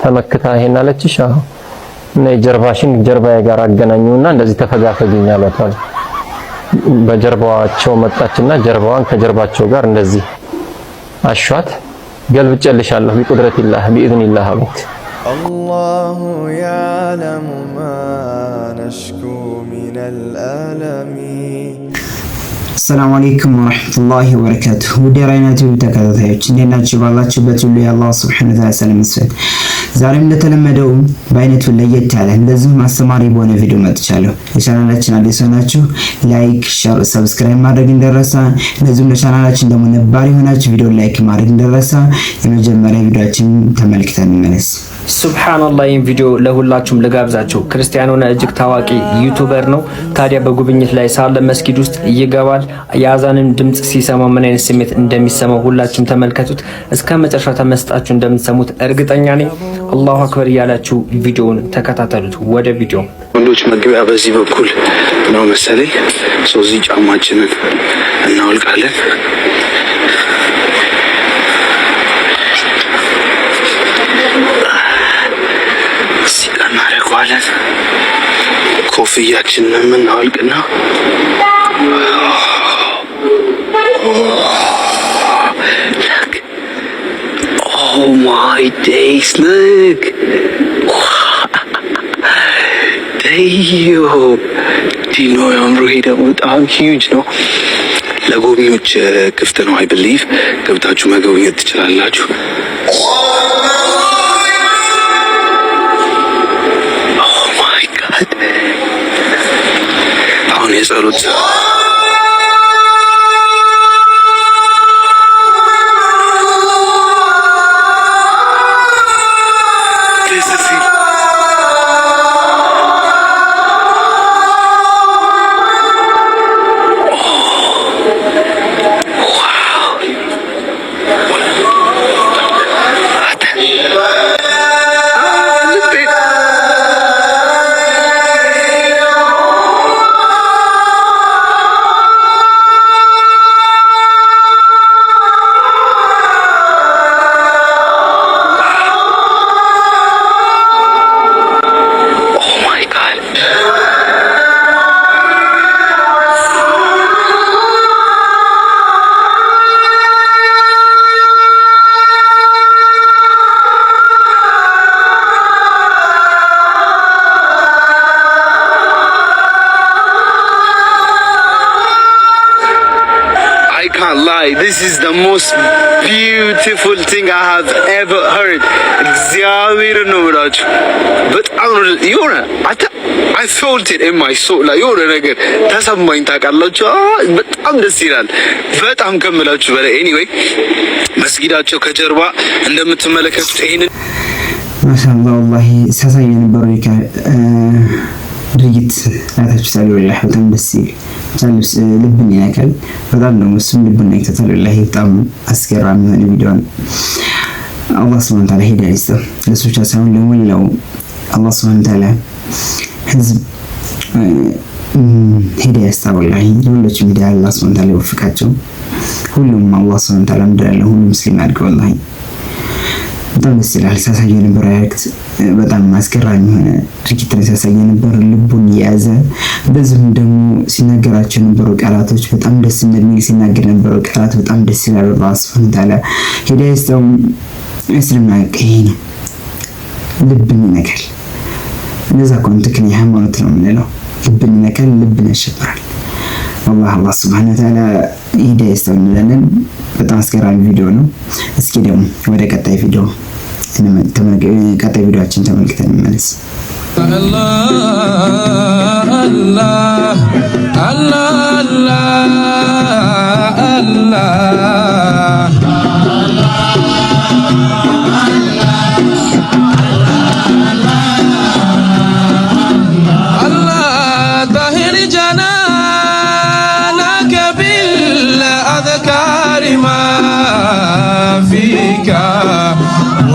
ተመክታ ይሄን አለችሽ። አሁን እኔ ጀርባሽን ጀርባዬ ጋር አገናኙና እንደዚህ ተፈጋፈጊኝ አሏት። በጀርባዋቸው መጣችና ጀርባዋን ከጀርባቸው ጋር እንደዚህ አሿት ገልብጬልሻለሁ ቢቁድረቲላህ ቢኢዝኒላህ አሉት። አላሁ ያዕለሙ ማ ነሽኩ ሚነል አለሚ። አሰላሙ አለይኩም ወረሕመቱላሂ ወበረካቱሁ። ውድ የራይና ቲዩብ ተከታታዮች እንዴት ናችሁ? ባላችሁበት ሁሉ የአላህ ሱብሓነሁ ወተዓላ ሰላም ይስፈን። ዛሬም እንደተለመደው በአይነቱ ለየት ያለ እንደዚሁም አስተማሪ በሆነ ቪዲዮ መጥቻለሁ። ለቻናላችን አዲስ ሆናችሁ ላይክ፣ ሸር፣ ሰብስክራይብ ማድረግ እንደረሳ፣ እንደዚሁም ለቻናላችን ደግሞ ነባር የሆናችሁ ቪዲዮ ላይክ ማድረግ እንደረሳ። የመጀመሪያ ቪዲዮችን ተመልክተን እንመለስ። ሱብሃንአላህ ይህን ቪዲዮ ለሁላችሁም ልጋብዛችሁ። ክርስቲያን ሆነ እጅግ ታዋቂ ዩቱበር ነው። ታዲያ በጉብኝት ላይ ሳለ መስጊድ ውስጥ ይገባል። የአዛንን ድምጽ ሲሰማ ምን አይነት ስሜት እንደሚሰማው ሁላችሁም ተመልከቱት። እስከ መጨረሻ ተመስጣችሁ እንደምትሰሙት እርግጠኛ ነኝ። አላሁ አክበር እያላችሁ ቪዲዮውን ተከታተሉት። ወደ ቪዲዮ ወንዶች መግቢያ በዚህ በኩል ነው መሰለኝ። እዚህ ጫማችንን እናወልቃለን። እዚህ ኮፍያችንን የምናወልቅና Why day snake? ዳዮ ዲኖ ያምሩ ሄደ። በጣም ሂውጅ ነው። ለጎብኚዎች ክፍት ነው። አይ ብሊቭ ገብታችሁ መጎብኘት ትችላላችሁ። ኦ ማይ ጋድ አሁን የጸሎት ላይ this is the most beautiful thing I have ever heard እግዚአብሔር ነው ብላችሁ በጣም የሆነ I አይ it in ማይ soul ላይ የሆነ ነገር ተሰማኝ። ታውቃላችሁ በጣም ደስ ይላል። በጣም ከምላችሁ በላይ anyway መስጊዳቸው ከጀርባ እንደምትመለከቱት ይሄንን ማሻአላህ ወላሂ ሳሳየን በሮይካ ድርጊት አይታችሁ ታዲያ በጣም ደስ ይላል፣ ልብን ይነካል። በጣም ደግሞ እሱም ልብን ነክቶታል። ወላሂ በጣም አስገራሚ የሆነ ቪዲዮ ነው። አላህ ስብሐነ ተዓላ ሂዳ ይስጠው፣ ለእሱ ብቻ ሳይሆን ለሞላው አላህ ስብሐነ ተዓላ ህዝብ ሂዳያ ይስጠው። ወላሂ ለሁላችሁም አላህ ስብሐነ ተዓላ ይወፍቃቸው። ሁሉም አላህ ስብሐነ ተዓላ ምድር ያለ ሁሉ ሙስሊም አድርገው ወላሂ በጣም ደስ ይላል። ሳሳየው ነበረ ያልኩት በጣም አስገራሚ የሆነ ድርጊትን ሲያሳይ ነበር። ልቡን የያዘ በዚህም ደግሞ ሲናገራቸው የነበሩ ቃላቶች በጣም ደስ እንደሚል ሲናገር የነበረው ቃላት በጣም ደስ ይላል። በአስፈን ታለ ሄዳ ስጠውም እስልምና ቀይ ነው ልብን ይነካል። እነዛ ኮንትክን የሃይማኖት ነው የምንለው ልብን ይነካል፣ ልብን ያሸብራል። አላህ አላህ ስብሐነ ወተዓላ ሂዳያ ይስጠው እንላለን። በጣም አስገራሚ ቪዲዮ ነው። እስኪ ደግሞ ወደ ቀጣይ ቪዲዮ ቀጣይ ቪዲዮችን ተመልክተን እንመለስ። አላህ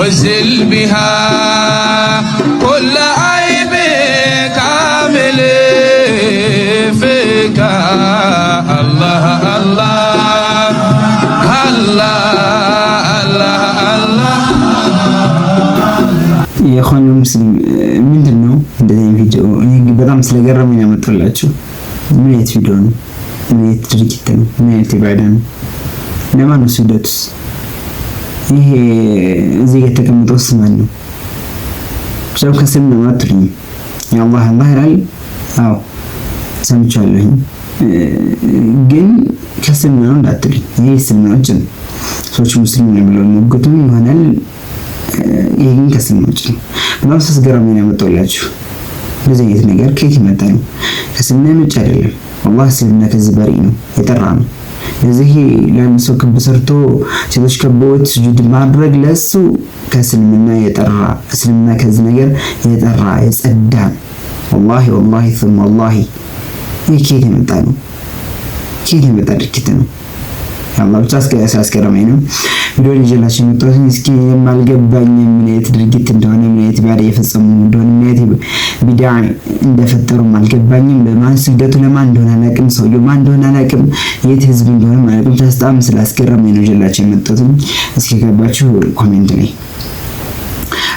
ወዝል ቢሃ ኩለ አይብ ካምል ፍካ الله الله الله አላህ የኢኽዋን ሙስሊም ምንድን ነው እንደዚህ ቪዲዮ በጣም ስለገረመኝ ያመጣላችሁ ምን አይነት ቪዲዮ ነው? ምን አይነት ድርጊት ነው? ምን አይነት ኢባዳ ነው? ለማን ነው ስግደቱስ? ይሄ እዚህ የተቀመጠው ስም ማን ነው? ሰው ከስም ነው አትሉኝ። የአላህ አላህ ይላል። አዎ ሰምቻለሁኝ፣ ግን ከስም ነው እንዳትሉኝ። ይሄ ስም ነው ጭን ሰዎች ሙስሊም ነው ብለው የሚወጉትም ይሆናል። ይሄ ግን ከስም ነው ጭን። በጣም ሳስገርም ነው ያመጣሁላችሁ። እንደዚህ አይነት ነገር ከየት ይመጣል? ከስም ነው የመጣ አይደለም። አላህ ስልምና ከዚህ በሪ ነው የጠራ ነው። እዚህ ለአንድ ሰው ክብ ሰርቶ ሴቶች ከበዎች ስጁድ ማድረግ ለእሱ ከእስልምና የጠራ እስልምና ከዚህ ነገር የጠራ የጸዳ ወላሂ ወላሂ ሱም ወላሂ ይህ ኬት የመጣ ነው? ከየት የመጣ ድርጊት ነው? የአላህ ብቻ ስላስገረመኝ ነው። ቪዲዮ ይዤላችሁ የመጣሁት እስኪ የማልገባኝ ምን አይነት ድርጊት እንደሆነ ምን አይነት እየፈጸሙ እንደሆነ ምን አይነት ቢዳ እንደፈጠሩ አልገባኝም። ስግደቱ ለማን እንደሆነ ማን እንደሆነ የት ህዝብ እንደሆነ ስላስገረመኝ ነው ይዤላችሁ የመጣሁት። እስኪ ገባችሁ ኮሜንት ላይ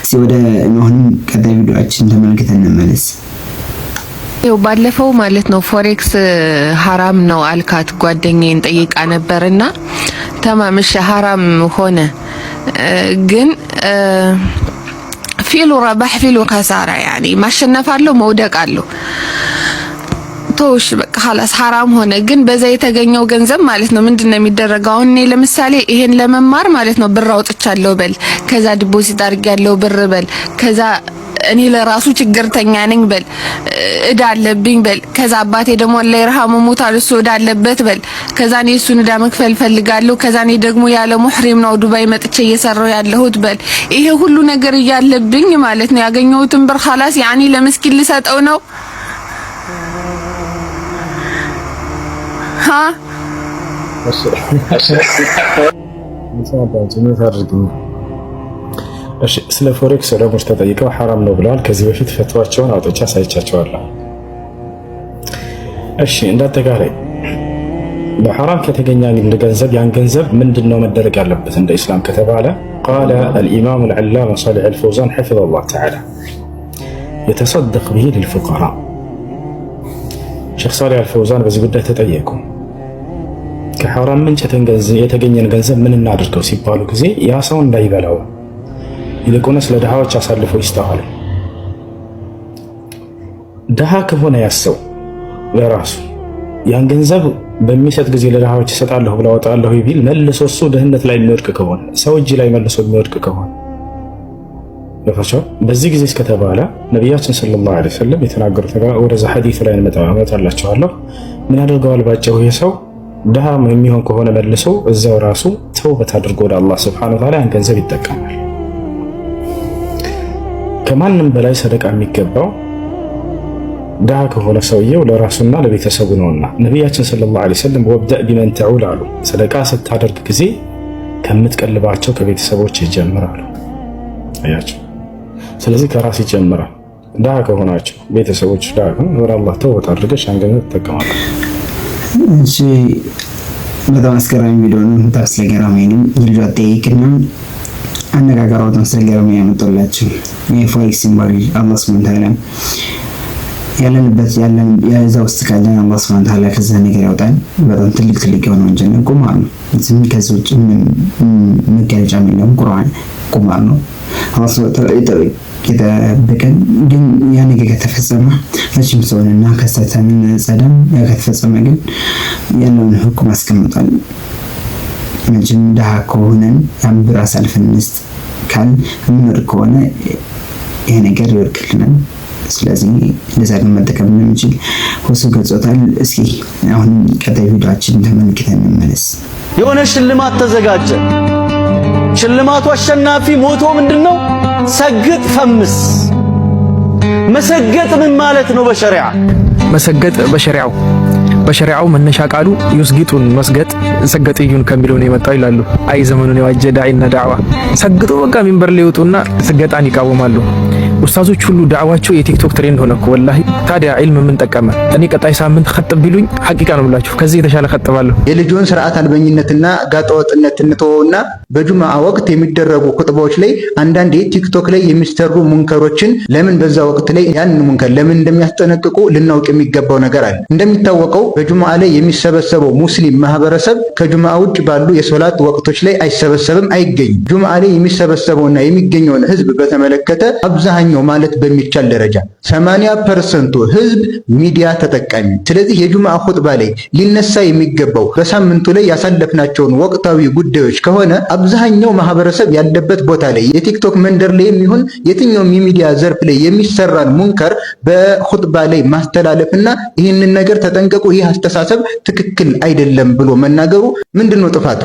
እስኪ ወደ አሁንም ቀጣይ ቪዲዮችን ተመልክተን እንመለስ። ያው ባለፈው ማለት ነው ፎሬክስ ሀራም ነው አልካት ጓደኛዬን ጠይቃ ነበርና ተማምሽ ሀራም ሆነ ግን ፊሉ ረባህ ፊሉ ከሳራ ያኒ ማሸነፍ አለው መውደቅ አለው። ቶሽ በቃ ሀላስ ሀራም ሆነ። ግን በዛ የተገኘው ገንዘብ ማለት ነው ምንድን ነው የሚደረገው? አሁን እኔ ለምሳሌ ይሄን ለመማር ማለት ነው ብር አውጥቻለሁ በል፣ ከዛ ዲፖዚት አድርጌያለሁ ብር በል፣ ከዛ እኔ ለራሱ ችግርተኛ ነኝ በል፣ እዳ አለብኝ በል። ከዛ አባቴ ደግሞ ላይ ይርሐሙ ሞቷል፣ እሱ እዳ አለበት በል። ከዛ እኔ እሱን እዳ መክፈል ፈልጋለሁ። ከዛ እኔ ደግሞ ያለ ሙህሪም ነው ዱባይ መጥቼ እየሰራው ያለሁት በል። ይሄ ሁሉ ነገር እያለብኝ ማለት ነው ያገኘሁትን ብር ኸላስ ያኔ ለምስኪን ልሰጠው ነው ሀ ስለ ፎሬክስ ዑለሞች ተጠይቀው ሐራም ነው ብለዋል። ከዚህ በፊት ፈትዋቸውን አውጥቻ ሳይቻቸዋለሁ። እሺ እንዳጠቃላይ በሐራም ከተገኘ አንድ ገንዘብ ያን ገንዘብ ምንድን ነው መደረግ ያለበት እንደ ኢስላም ከተባለ ቃለ አልኢማሙ ልዓላማ ሷሊሕ አልፈውዛን ሐፊዘሁላህ ተዓላ የተሰደቅ ብሂ ልልፉቀራ ሼክ ሷሊሕ አልፈውዛን በዚህ ጉዳይ ተጠየቁ። ከሐራም ምንጭ የተገኘን ገንዘብ ምን እናድርገው ሲባሉ ጊዜ ያ ሰው እንዳይበላው ይልቁንስ ለድሃዎች አሳልፎ ይስተዋል። ድሃ ከሆነ ያሰው ለራሱ ያን ገንዘብ በሚሰጥ ጊዜ ለድሃዎች ይሰጣለሁ ብላ ወጣለሁ ቢል መልሶ እሱ ድህነት ላይ የሚወድቅ ከሆነ ሰው እጅ ላይ መልሶ የሚወድቅ ከሆነ ለፈቸው በዚህ ጊዜ እስከተባለ ነቢያችን ሰለላሁ ዐለይሂ ወሰለም የተናገሩት ነገር ወደዛ ሐዲሱ ላይ እንመጣላችኋለሁ። ምን ያደርገዋል? ባጭሩ ይህ ሰው ድሃ የሚሆን ከሆነ መልሶ እዛው ራሱ ተውበት አድርጎ ወደ አላህ ሱብሓነሁ ወተዓላ ያን ገንዘብ ይጠቀማል። ከማንም በላይ ሰደቃ የሚገባው ድሃ ከሆነ ሰውየው ለራሱና ለቤተሰቡ ነውና ነቢያችን ሰለላሁ ዐለይሂ ወሰለም ወብደእ ቢመን ተዑል አሉ። ሰደቃ ስታደርግ ጊዜ ከምትቀልባቸው ከቤተሰቦች ይጀምራሉ። አያቸው። ስለዚህ ከራስ ይጀምራል። ድሃ ከሆናቸው ቤተሰቦች ድሃ ከሆነ ወደ አላህ ተውበት አድርገሽ አንገነት ትጠቀማለህ። እሺ፣ በጣም አስገራሚ ቪዲዮ ነው። ታስለ ነው። ልጇ ጠይቅና አነጋገሮትን ሳይገርም ያመጡላቸው የፎሬክስ ሲምባል አላህ ስብን ታላ ያለንበት ያዛ ውስጥ ካለን አላህ ስብን ታላ ከዛ ነገር ያውጣን በጣም ትልቅ ትልቅ የሆነ ወንጀል ነው ቁማር ነው። ዝም ከዚ ውጭ መገለጫ የለውም። ቁርአን ቁማር ነው። የጠበቀን ግን ያ ነገር ከተፈጸመ መቼም ሰውንና ከስተተንን ጸደም ከተፈጸመ ግን ያለውን ህጉም አስቀምጧል። መቼም ድሃ ከሆነን የአንብር አሳልፈን እንስጥ ካል ምር ከሆነ ይሄ ነገር ይወድቅልናል። ስለዚህ እንደዛ ግን መጠቀም እንደምችል ሁሱ ገጾታል። እስኪ አሁን ቀጣይ ቪዲዮችን ተመልክተን እንመለስ። የሆነ ሽልማት ተዘጋጀ። ሽልማቱ አሸናፊ ሞቶ ምንድን ነው? ሰግጥ ፈምስ። መሰገጥ ምን ማለት ነው? በሸሪዓ መሰገጥ በሸሪዓው በሸሪዓው መነሻ ቃሉ ዩስጊጡን መስገጥ ሰገጥዩን ከሚለው ነው የመጣው ይላሉ። አይ ዘመኑን የዋጀ ዳዒና ዳዕዋ ሰግጦ በቃ ሚንበር ሊወጡና ስገጣን ይቃወማሉ። ኡስታዞች ሁሉ ዳዕዋቸው የቲክቶክ ትሬንድ ሆነ እኮ ወላሂ። ታዲያ ዒልም ምን ጠቀመ? እኔ ቀጣይ ሳምንት ኸጥብ ቢሉኝ ሐቂቃ ነው ብላችሁ ከዚህ የተሻለ ኸጥባለሁ። የልጆን ስርዓት አልበኝነትና ጋጠወጥነት እንትወውና በጁምዓ ወቅት የሚደረጉ ኹጥባዎች ላይ አንዳንዴ ቲክቶክ ላይ የሚሰሩ ሙንከሮችን ለምን በዛ ወቅት ላይ ያንን ሙንከር ለምን እንደሚያስጠነቅቁ ልናውቅ የሚገባው ነገር አለ። እንደሚታወቀው በጁምዓ ላይ የሚሰበሰበው ሙስሊም ማህበረሰብ ከጁምዓ ውጭ ባሉ የሶላት ወቅቶች ላይ አይሰበሰብም፣ አይገኝም። ጁምዓ ላይ የሚሰበሰበውና የሚገኘውን ህዝብ በተመለከተ አብዛኛው ማለት በሚቻል ደረጃ 8 ፐርሰንቱ ህዝብ ሚዲያ ተጠቃሚ። ስለዚህ የጁምዓ ሁጥባ ላይ ሊነሳ የሚገባው በሳምንቱ ላይ ያሳለፍናቸውን ወቅታዊ ጉዳዮች ከሆነ አብዛኛው ማህበረሰብ ያለበት ቦታ ላይ የቲክቶክ መንደር ላይ የሚሆን የትኛውም የሚዲያ ዘርፍ ላይ የሚሰራን ሙንከር በሁጥባ ላይ ማስተላለፍ እና ይህንን ነገር ተጠንቀቁ፣ ይህ አስተሳሰብ ትክክል አይደለም ብሎ መናገሩ ምንድን ነው ጥፋቱ?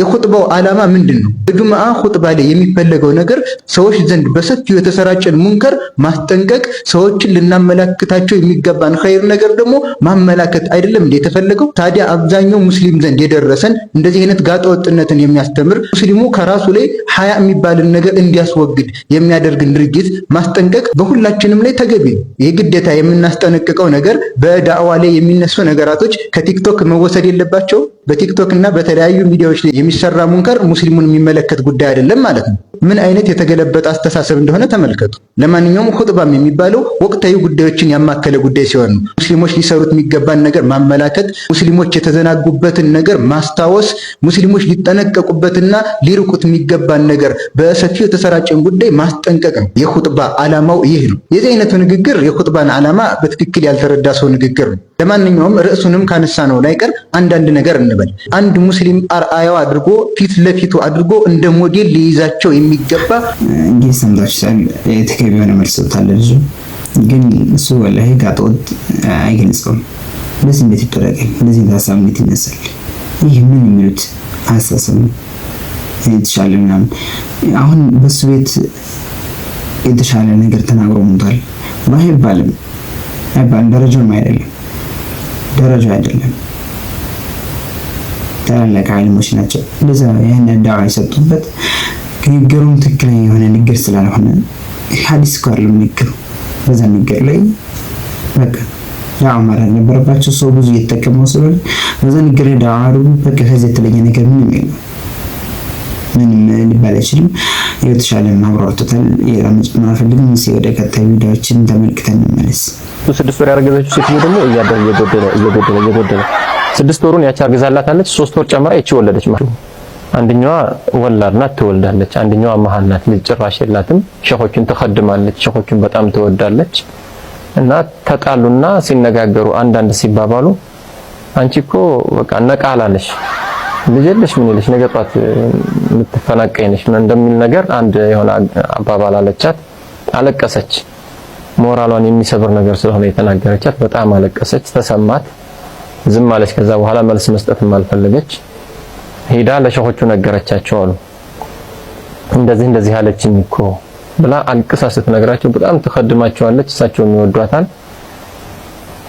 የኹጥባው ዓላማ ምንድን ነው? በጁምዓ ኹጥባ ላይ የሚፈለገው ነገር ሰዎች ዘንድ በሰፊው የተሰራጨን ሙንከር ማስጠንቀቅ፣ ሰዎችን ልናመላክታቸው የሚገባን ኸይር ነገር ደግሞ ማመላከት አይደለም እንዴ የተፈለገው? ታዲያ አብዛኛው ሙስሊም ዘንድ የደረሰን እንደዚህ አይነት ጋጠ ወጥነትን የሚያስተምር ሙስሊሙ ከራሱ ላይ ሀያ የሚባልን ነገር እንዲያስወግድ የሚያደርግን ድርጊት ማስጠንቀቅ በሁላችንም ላይ ተገቢ ነው። ይህ ግዴታ የምናስጠነቅቀው ነገር በዳዕዋ ላይ የሚነሱ ነገራቶች ከቲክቶክ መወሰድ የለባቸው። በቲክቶክ እና በተለያዩ ሚዲያዎች ላይ የሚሰራ ሙንከር ሙስሊሙን የሚመለከት ጉዳይ አይደለም ማለት ነው። ምን አይነት የተገለበጠ አስተሳሰብ እንደሆነ ተመልከቱ። ለማንኛውም ሁጥባም የሚባለው ወቅታዊ ጉዳዮችን ያማከለ ጉዳይ ሲሆን ነው። ሙስሊሞች ሊሰሩት የሚገባን ነገር ማመላከት፣ ሙስሊሞች የተዘናጉበትን ነገር ማስታወስ፣ ሙስሊሞች ሊጠነቀቁበትና ሊርቁት የሚገባን ነገር በሰፊው የተሰራጨን ጉዳይ ማስጠንቀቅ ነው። የሁጥባ ዓላማው ይህ ነው። የዚህ አይነቱ ንግግር የሁጥባን ዓላማ በትክክል ያልተረዳ ሰው ንግግር ነው። ለማንኛውም ርዕሱንም ካነሳ ነው ላይቀር አንዳንድ ነገር እንበል። አንድ ሙስሊም አርአያው አድርጎ ፊት ለፊቱ አድርጎ እንደ ሞዴል ሊይዛቸው የሚገባ እንግዲህ ሰምታችኋል። የተገቢ የሆነ መልስ ሰጥቷል። ልጁ ግን እሱ ወላሂ ጋጦት አይገልጸውም። እንደዚህ እንዴት ይደረጋል? እንደዚህ ሀሳብ እንዴት ይነሳል? ይህ ምን የሚሉት አሳሰብ የተሻለ ምናምን አሁን በሱ ቤት የተሻለ ነገር ተናግሮ ሙቷል። ባህ አይባልም አይባልም፣ ደረጃውም አይደለም ደረጃ አይደለም። ታላላቅ ዓሊሞች ናቸው። እንደዛ ነው ይህንን ዳዋ የሰጡበት። ንግግሩም ትክክለኛ የሆነ ንግግር ስላልሆነ ሀዲስ ጋር ንግግሩ። በዛ ንግግር ላይ በቃ ዳዋ ማድረግ ነበረባቸው። ሰው ብዙ እየተጠቀመው ስለሆነ በዛ ንግግር ላይ ዳዋ አድርጉ። በቃ ከዚህ የተለየ ነገር ምንም የለም፣ ምንም ሊባል አይችልም። የተሻለ ማብራርቶታል። የራመጭ ማፈልግ ምን ወደ ቀጣይ ቪዲዮዎችን ተመልክተን እንመለስ። ስድስት ወር ያረገዘችው ሴትዮ ደግሞ እያደረ እየጎደለ እየጎደለ እየጎደለ ስድስት ወሩን ያቺ አርግዛላታለች። ሶስት ወር ጨምራ ይቺ ወለደች ማለት ነው። አንደኛዋ ወላድ ናት ትወልዳለች። አንደኛዋ መሀል ናት ልጅ ጭራሽ የላትም። ሸሆችን ትኸድማለች። ሸሆችን በጣም ትወዳለች። እና ተጣሉና ሲነጋገሩ አንዳንድ ሲባባሉ አንቺ እኮ በቃ ነቃላለሽ ልጅ የለሽ ምን ይለሽ ነገ ጧት የምትፈናቀይነሽ እንደሚል ነገር አንድ የሆነ አባባል አለቻት። አለቀሰች። ሞራሏን የሚሰብር ነገር ስለሆነ የተናገረቻት በጣም አለቀሰች፣ ተሰማት፣ ዝም አለች። ከዛ በኋላ መልስ መስጠትም አልፈለገች። ሄዳ ለሸሆቹ ነገረቻቸው አሉ እንደዚህ እንደዚህ አለችኝ እኮ ብላ አልቅሳ ስትነግራቸው በጣም ትከድማቸዋለች። እሳቸው የሚወዷታል።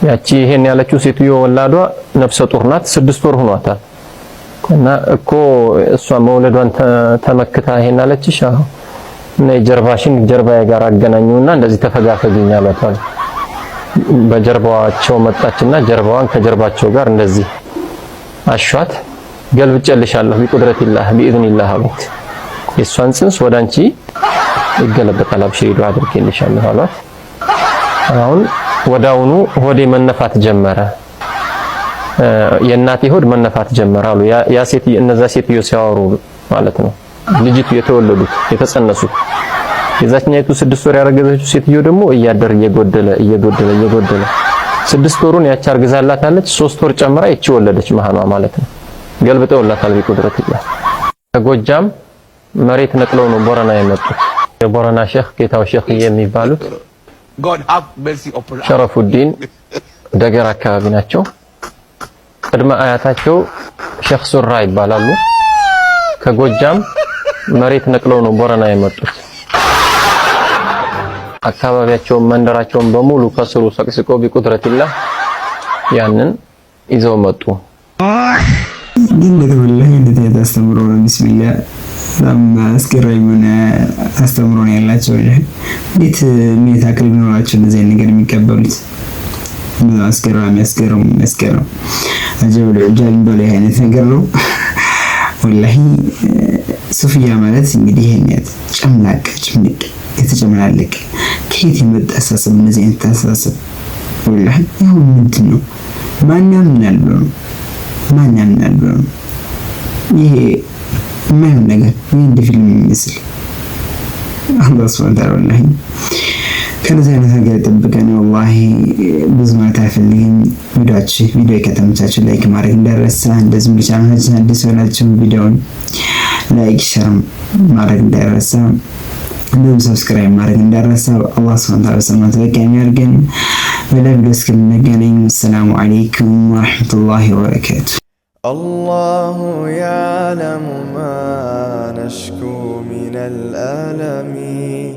ያቺ ይሄን ያለችው ሴትዮ ወላዷ ነፍሰ ጡር ናት፣ ስድስት ወር ሆኗታል። እና እኮ እሷ መውለዷን ተመክታ ይሄን አለችሽ እና የጀርባሽን ጀርባዬ ጋር አገናኙና እንደዚህ ተፈጋፈጊኛ አሏታል። በጀርባቸው መጣችና ጀርባዋን ከጀርባቸው ጋር እንደዚህ አሿት። ገልብጬልሻለሁ ቢቁድረቲላህ ቢኢዝኒላህ አሉት። የእሷን ጽንስ ወደ አንቺ ይገለበጣል። አብሽሪ ዱዓ አድርጌልሻለሁ አሏት። አሁን ወዳውኑ ሆዴ መነፋት ጀመረ። የእናቴ ሆድ መነፋት ጀመረ አሉ ያ ሴት እነዛ ሴትዮ ሲያወሩ ማለት ነው። ልጅቱ የተወለዱት የተጸነሱት የዛችኛይቱ ስድስት ወር ያረገዘችው ሴትዮ ደግሞ እያደር እየጎደለ እየጎደለ እየጎደለ ስድስት ወሩን ያቺ አርግዛላታለች። ሶስት ወር ጨምራ ይቺ ወለደች መሃሏ ማለት ነው። ገልብጠውላታል ቢቁድረት ይላል። ከጎጃም መሬት ነቅለው ነው ቦረና የመጡት። የቦረና ሼክ ጌታው ሼክ የሚባሉት ሸረፉዲን ደገር አካባቢ ናቸው። ቅድመ አያታቸው ሼክ ሱራ ይባላሉ ከጎጃም መሬት ነቅለው ነው ቦረና የመጡት። አካባቢያቸውን መንደራቸውን በሙሉ ከስሩ ሰቅስቆ ቢቁድረትላ ያንን ይዘው መጡ። ግን በተወላይ እንዴት ያስተምሮ ነው? ቢስሚላ በጣም አስገራሚ የሆነ አስተምሮ ነው ያላቸው። እንዴት ምን ታክል ቢኖራቸው እንደዚህ አይነት ነገር የሚቀበሉት በጣም አስገራሚ አስገራሚ አስገራሚ አጀብ ለጃን በላይ አይነት ነገር ነው ወላሂ ሱፍያ ማለት እንግዲህ ይሄን ጨምላቅ ጭምቅ የተጨመላለቀ ከየት የመጣ አሳሰብ እነዚህ አይነት ወላሂ ይሁን ምንድን ነው ማን ያምናል ብሎ ነው ማን ያምናል ብሎ ነው ይሄ የማይሆን ነገር ይህ እንደ ፊልም የሚመስል አላህ ስብን ታላ ወላሂ ከነዚህ አይነት ነገር ጠብቀን ወላሂ ብዙ ማለት አይፈልግም። ቪዲዮች ቪዲዮ ከተመቻችሁ ላይክ ማድረግ እንዳይረሳ፣ እንደዚሁም ለቻናላችን አዲስ ሆናችሁ ቪዲዮውን ላይክ ሸር ማድረግ እንዳይረሳ፣ እንዲሁም ሰብስክራይብ ማድረግ እንዳይረሳ። አላህ ስብን ታላ ሰማ ተጠቃሚ ያድርገን። በሌላ ቪዲዮ እስክንገናኝ ሰላሙ አለይኩም ወረሕመቱላሂ ወበረካቱ። አላሁ ያዕለሙ ማ ነሽኩ ሚነል አለሚ